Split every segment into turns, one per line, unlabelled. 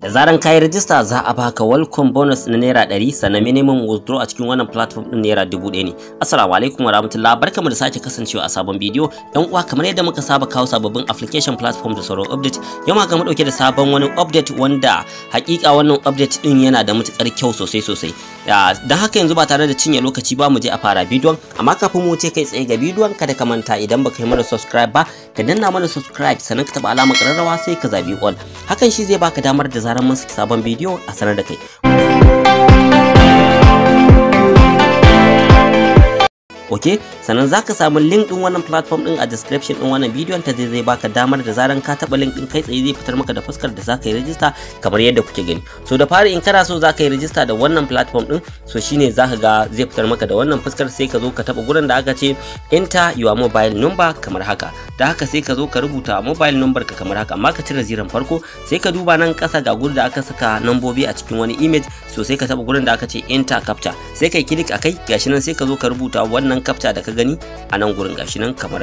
da zaran kayi rajista za a baka welcome bonus na naira 100 sannan minimum withdraw a cikin wannan platform din naira 1000 ne assalamu alaikum warahmatullahi barkamu da sake kasancewa a sabon bidiyo yan uwa kamar yadda muka saba kawo sababbin application platform da sauran update yau ma ga dauke da sabon wani update wanda hakika wannan update din yana da matukar kyau sosai sosai don haka yanzu ba tare da cinye lokaci ba mu je a fara bidiyon amma kafin mu wuce kai tsaye ga bidiyon kada ka manta idan baka yi mana subscribe ba ka danna mana subscribe sannan ka taba alamar kararrawa sai ka zabi all hakan shi zai baka damar da zarar mun saki sabon bidiyo a sanar da kai ok sannan zaka samu link ɗin wannan platform ɗin a description din wannan bidiyon ta zai baka damar da zaran ka taba link din kai tsaye zai fitar maka da fuskar da zaka yi register kamar yadda kuke gani so da fari in kana so zaka yi register da wannan platform ɗin so shine zaka ga zai fitar maka da wannan fuskar sai ka zo ka taba gurin da aka ce enter your mobile number kamar haka da haka sai ka zo ka rubuta mobile number ka kamar haka amma ka cire ziran farko sai ka duba nan kasa ga gurin da aka saka nambobi a cikin wani image so sai ka taba gurin da aka ce enter captcha sai yi click akai gashi nan sai ka zo ka rubuta wannan wannan kafta da ka gani a nan gurin gashi nan kamar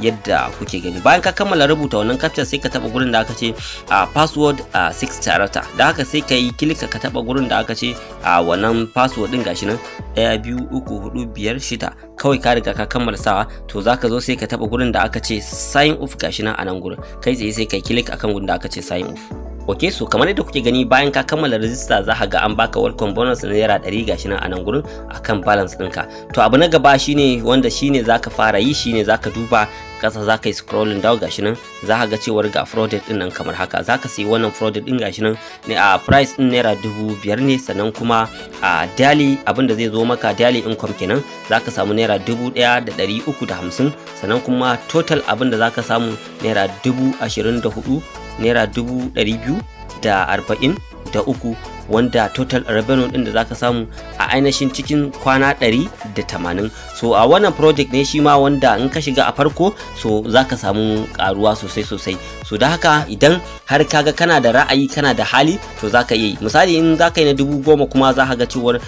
yadda kuke gani bayan ka kammala rubuta wannan kafta sai ka taba gurin da aka ce a password a 6 character da haka sai ka yi kilika ka taba gurin da aka ce a wannan password din gashi nan 1 2 3 4 5 6 kawai ka riga ka kammala sawa to zaka zo sai ka taba gurin da aka ce sign off gashi nan a nan gurin kai tsaye sai kai click akan gurin da aka ce sign off ok so kamar yadda kuke gani bayan ka kammala rajista za ka ga an baka welcome bonus na naira 100 gashi nan a nan gurin akan balance ɗinka to abu na gaba shine wanda shine zaka fara yi shine zaka duba kasa zaka yi scrolling down gashi nan za ka ga cewar ga frauded din nan kamar haka za ka sayi wannan frauded din gashi nan ne a price din naira dubu biyar ne sannan kuma a daily abinda zai zo maka daily income kenan za ka samu naira dubu ɗaya da ɗari uku da hamsin sannan kuma total abinda za ka samu naira dubu ashirin da hudu naira dubu ɗari biyu da arba'in da uku wanda total revenue din da zaka samu a ainihin cikin kwana ɗari da tamanin. so a wannan project ne shi ma wanda in ka shiga a farko so zaka samu karuwa sosai sosai so da haka idan har kaga kana da ra'ayi kana da hali to zaka yi misali in zaka yi na dubu goma kuma za ka ga cewar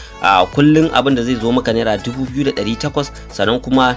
kullun abin da zai zo maka naira dubu biyu da ɗari takwas sannan kuma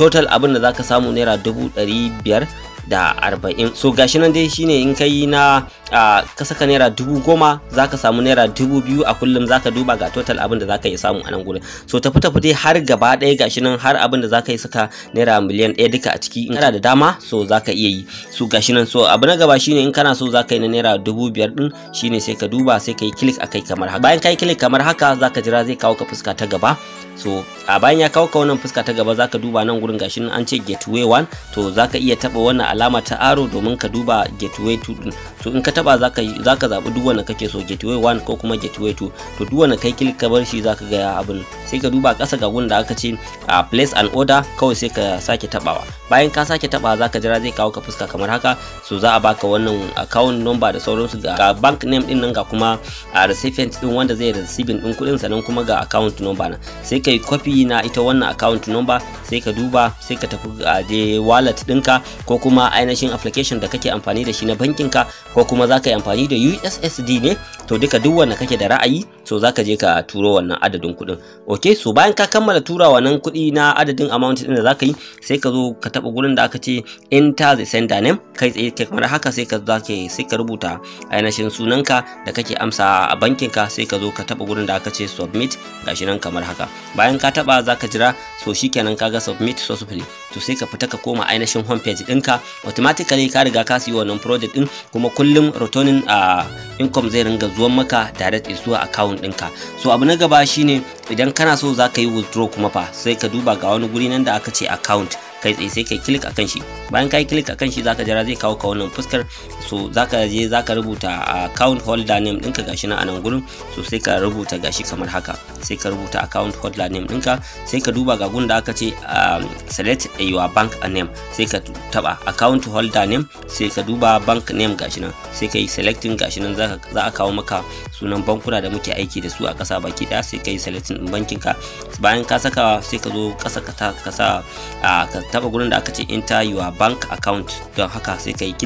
total abin da zaka samu naira dubu ɗari biyar da arba'in so gashi nan dai shine in kai na a ka naira dubu goma za ka samu naira dubu biyu a kullum za ka duba ga total abin da za ka yi samu a nan gurin so tafi tafi dai har gaba ɗaya gashi nan har abin da za ka yi saka naira miliyan ɗaya duka a ciki in kana da dama so za ka iya yi so gashi nan so abu na gaba shine in kana so za ka yi na naira dubu biyar ɗin shine sai ka duba sai ka yi kilik akai kamar haka bayan ka yi kilik kamar haka za ka jira zai kawo ka fuska ta gaba so a bayan ya kawo ka wannan fuska ta gaba za ka duba nan gurin gashi an ce gateway 1 to za ka iya taba wannan alama ta aro domin ka duba gateway 2 din so in ka taba zaka yi zaka zabi duk wanda kake so gateway 1 ko kuma gateway 2 to duk wanda kai click ka bar shi zaka ga ya abin sai ka duba kasa ga gun da aka ce a place an order kawai sai ka sake tabawa bayan ka sake taba zaka jira zai kawo ka fuska kamar haka so za a baka wannan account number da sauransu ga bank name din nan ga kuma a recipient din wanda zai receiving din kuɗin sannan kuma ga account number na sai ka yi copy na ita wannan account number sai ka duba sai ka tafi ga je wallet ɗinka ko kuma ainihin application da kake amfani da shi na bankinka ko kuma za ka yi amfani da ussd ne to duka duk wanda kake da ra'ayi so za ka je ka turo wannan adadin kuɗin ok so bayan ka kammala tura wannan kuɗi na adadin amount ɗin da za ka yi sai ka zo ka taɓa gurin da aka ce enter the sender name kai tsaye kamar haka sai ka za sai ka rubuta ainihin sunanka da kake amsa a bankin ka sai ka zo ka taɓa gurin da aka ce submit gashi nan kamar haka bayan ka taɓa za ka jira so shikenan ga submit successfully to sai ka fita ka koma ainihin homepage ɗinka automatically ka riga ka siyo wannan project ɗin kuma kullum returning a income zai ringa zuwan maka direct zuwa account ɗinka so abu na gaba shine idan kana so za ka yi withdraw kuma fa sai ka duba ga wani guri nan da aka ce account kai tsaye sai kai click akan shi bayan kai click akan shi zaka jira zai kawo ka wannan fuskar so zaka je zaka rubuta account holder name ɗinka gashi na a nan gurin so sai ka rubuta gashi kamar haka sai ka rubuta account holder name ɗinka sai ka duba ga gun da aka ce um, select your bank name sai ka taba account holder name sai ka duba bank name gashi nan sai ka yi selecting gashi nan za a kawo maka sunan bankuna da muke aiki da su a ƙasa baki ɗaya sai ka yi selecting bankin bayan ka saka sai ka zo ƙasa ka sa ah, taba gurin da aka ce enter your bank account don haka sai ka yi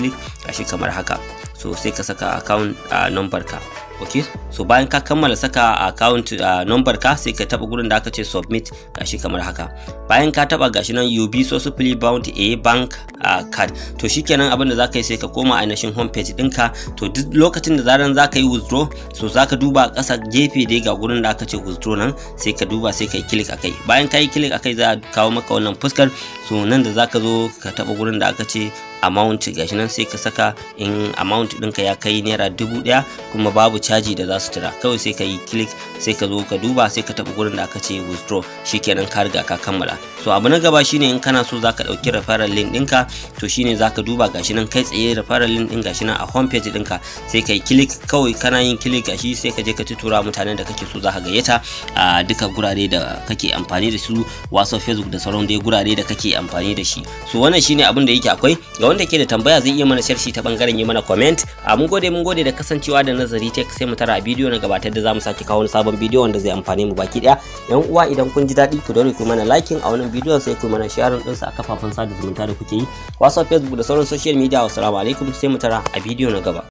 a shi kamar haka so sai ka saka account a number ka ok so bayan ka kammala saka account a number ka sai ka taba gurin da aka ce submit gashi kamar haka bayan ka taba gashi nan you be so supply bound a bank a card to shikenan abin da zaka yi sai ka koma ainihin home page dinka to duk lokacin da zaran zaka yi withdraw so zaka duba kasa gefe dai ga gurin da aka ce withdraw nan sai ka duba sai ka yi click akai bayan ka yi click akai za a kawo maka wannan fuskar so nan da zaka zo ka taba gurin da aka ce amount gashi nan sai ka saka in amount ɗinka ya kai naira dubu ɗaya kuma babu caji da za su tura kawai sai ka yi click sai ka zo ka duba sai ka taɓa gurin da aka ce withdraw shikenan ka riga ka kammala so abu na gaba shine in kana so zaka ɗauki referral link ɗinka to shine zaka duba gashi nan kai tsaye referral link ɗin gashi nan a home page ɗinka sai ka yi klik. kawai kana yin click gashi sai ka je ka tura mutanen da kake so zaka gayyata a duka gurare da kake amfani da su WhatsApp Facebook da sauran dai gurare da kake amfani da shi so wannan shine abin da yake akwai ga wanda ke da tambaya zai iya mana sharshi ta bangaren yi mana comment a mun gode mun gode da kasancewa da nazari tech sai mu tara a bidiyo na gabatar da zamu sake kawo wani sabon bidiyo wanda zai amfane mu baki daya yan uwa idan kun ji daɗi ku dole ku mana liking a wannan bidiyon sai ku mana share din sa a kafafen sada zumunta da kuke yi whatsapp facebook da sauran social media assalamu alaikum sai mu tara a bidiyo na gaba